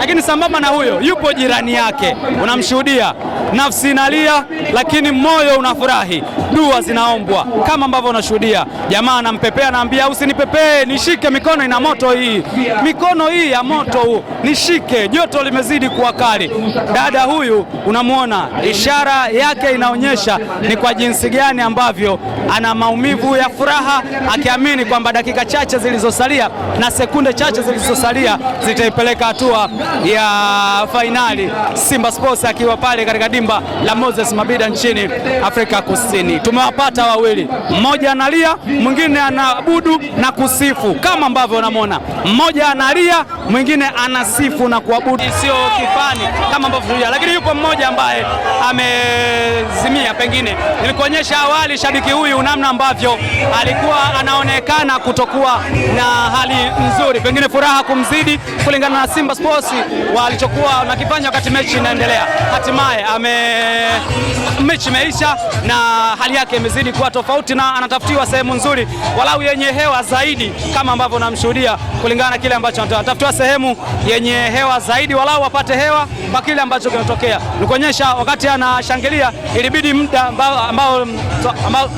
Lakini sambamba na huyo, yupo jirani yake, unamshuhudia nafsi inalia, lakini moyo unafurahi dua zinaombwa kama ambavyo unashuhudia. Jamaa anampepea anaambia, usinipepee, nishike mikono ina moto hii, mikono hii ya moto huu, nishike, joto limezidi kuwa kali. Dada huyu unamwona, ishara yake inaonyesha ni kwa jinsi gani ambavyo ana maumivu ya furaha, akiamini kwamba dakika chache zilizosalia na sekunde chache zilizosalia zitaipeleka hatua ya fainali, Simba Sports akiwa pale katika dimba la Moses Mabida nchini Afrika Kusini tumewapata wawili, mmoja analia, mwingine anaabudu na kusifu, kama ambavyo unamwona, mmoja analia, mwingine anasifu na kuabudu, sio kifani kama ambavyo tulia. Lakini yupo mmoja ambaye amezimia. Pengine nilikuonyesha awali shabiki huyu namna ambavyo alikuwa anaonekana kutokuwa na hali nzuri, pengine furaha kumzidi kulingana na Simba Sports walichokuwa nakifanya wakati mechi inaendelea. Hatimaye ame mechi imeisha na hali yake imezidi kuwa tofauti, na anatafutiwa sehemu nzuri walau yenye hewa zaidi, kama ambavyo namshuhudia kulingana na kile ambacho anatafutiwa sehemu yenye hewa zaidi, walau wapate hewa kwa kile ambacho kinatokea. Nikuonyesha wakati anashangilia ilibidi muda ambao ambao